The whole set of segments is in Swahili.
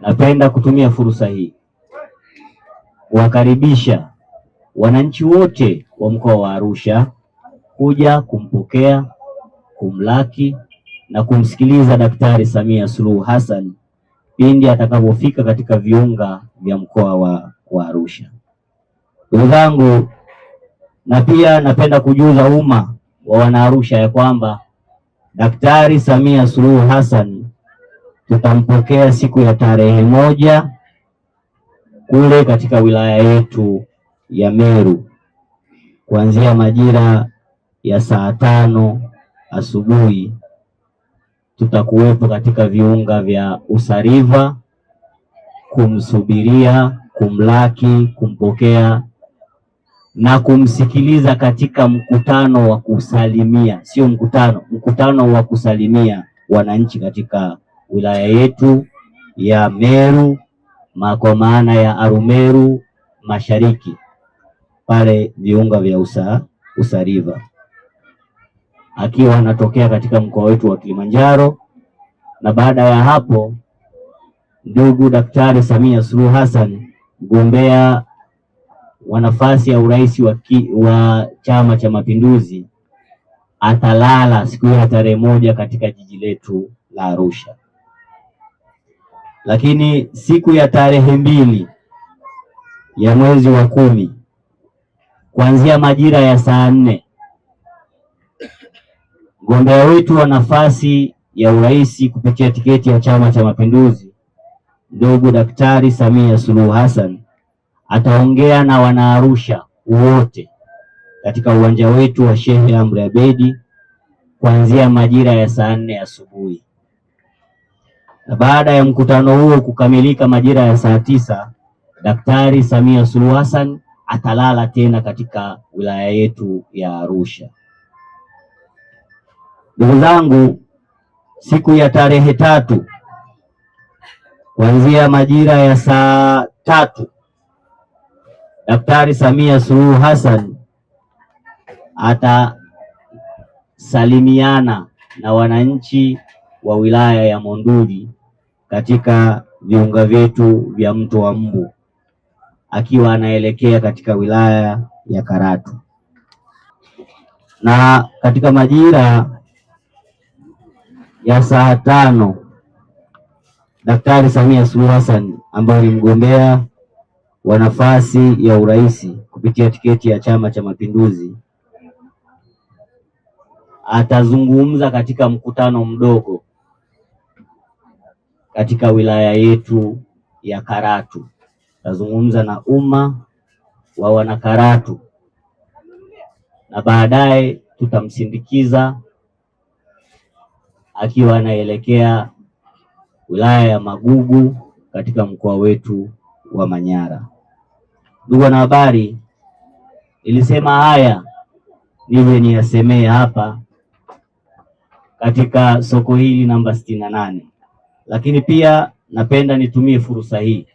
Napenda kutumia fursa hii kuwakaribisha wananchi wote wa mkoa wa Arusha kuja kumpokea, kumlaki na kumsikiliza Daktari Samia Suluhu Hassan pindi atakapofika katika viunga vya mkoa wa, wa Arusha. Ndugu zangu, na pia napenda kujuza umma wa Wanaarusha ya kwamba Daktari Samia Suluhu Hassan tutampokea siku ya tarehe moja kule katika wilaya yetu ya Meru kuanzia majira ya saa tano asubuhi. Tutakuwepo katika viunga vya Usariva kumsubiria, kumlaki, kumpokea na kumsikiliza katika mkutano wa kusalimia, sio mkutano, mkutano wa kusalimia wananchi katika wilaya yetu ya Meru kwa maana ya Arumeru Mashariki pale viunga vya usa, Usariva akiwa anatokea katika mkoa wetu wa Kilimanjaro. Na baada ya hapo, ndugu Daktari Samia Suluhu Hassan mgombea wa nafasi ya urais wa, wa Chama cha Mapinduzi atalala siku ya tarehe moja katika jiji letu la Arusha. Lakini siku ya tarehe mbili ya mwezi wa kumi kuanzia majira ya saa nne mgombea wetu wa nafasi ya urais kupitia tiketi ya Chama cha Mapinduzi, ndugu Daktari Samia Suluhu Hassan ataongea na Wanaarusha wote katika uwanja wetu wa Shehe Amri Abedi kuanzia majira ya saa nne asubuhi baada ya mkutano huo kukamilika majira ya saa tisa, Daktari Samia Suluhu Hassan atalala tena katika wilaya yetu ya Arusha. Ndugu zangu, siku ya tarehe tatu kuanzia majira ya saa tatu Daktari Samia Suluhu Hassan atasalimiana na wananchi wa wilaya ya Monduli katika viunga vyetu vya mto wa Mbu akiwa anaelekea katika wilaya ya Karatu, na katika majira ya saa tano Daktari Samia Suluhu Hassan ambaye ni mgombea wa nafasi ya urais kupitia tiketi ya Chama cha Mapinduzi atazungumza katika mkutano mdogo katika wilaya yetu ya Karatu. Tazungumza na umma wa wanakaratu na baadaye tutamsindikiza akiwa anaelekea wilaya ya Magugu katika mkoa wetu wa Manyara. Ndugu wanahabari, nilisema haya niwe niyasemee hapa katika soko hili namba sitini na nane lakini pia napenda nitumie fursa hii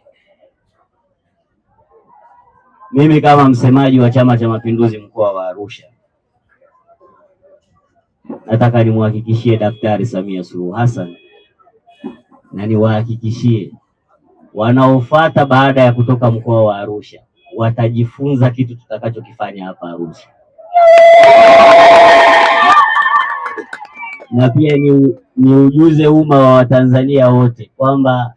mimi kama msemaji wa Chama cha Mapinduzi mkoa wa Arusha, nataka nimwahakikishie Daktari Samia Suluhu Hassan na niwahakikishie wanaofuata baada ya kutoka mkoa wa Arusha watajifunza kitu tutakachokifanya hapa Arusha na pia ni, ni ujuze umma wa Watanzania wote kwamba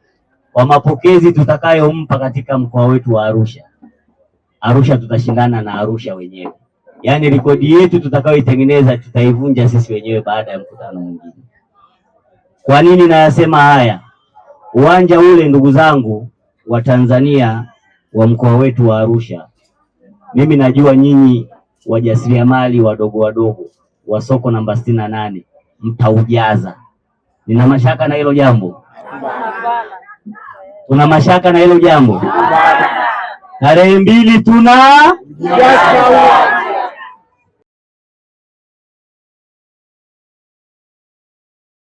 kwa mapokezi tutakayompa katika mkoa wetu wa Arusha, Arusha tutashindana na Arusha wenyewe. Yaani rekodi yetu tutakayoitengeneza tutaivunja sisi wenyewe baada ya mkutano mwingine. Kwa nini nayasema haya? Uwanja ule ndugu zangu wa Tanzania wa mkoa wetu wa Arusha, mimi najua nyinyi wajasiriamali wadogo wadogo wa soko namba sitini na nane mtaujaza. Nina mashaka na hilo jambo? Tuna mashaka na hilo jambo? Tarehe mbili tuna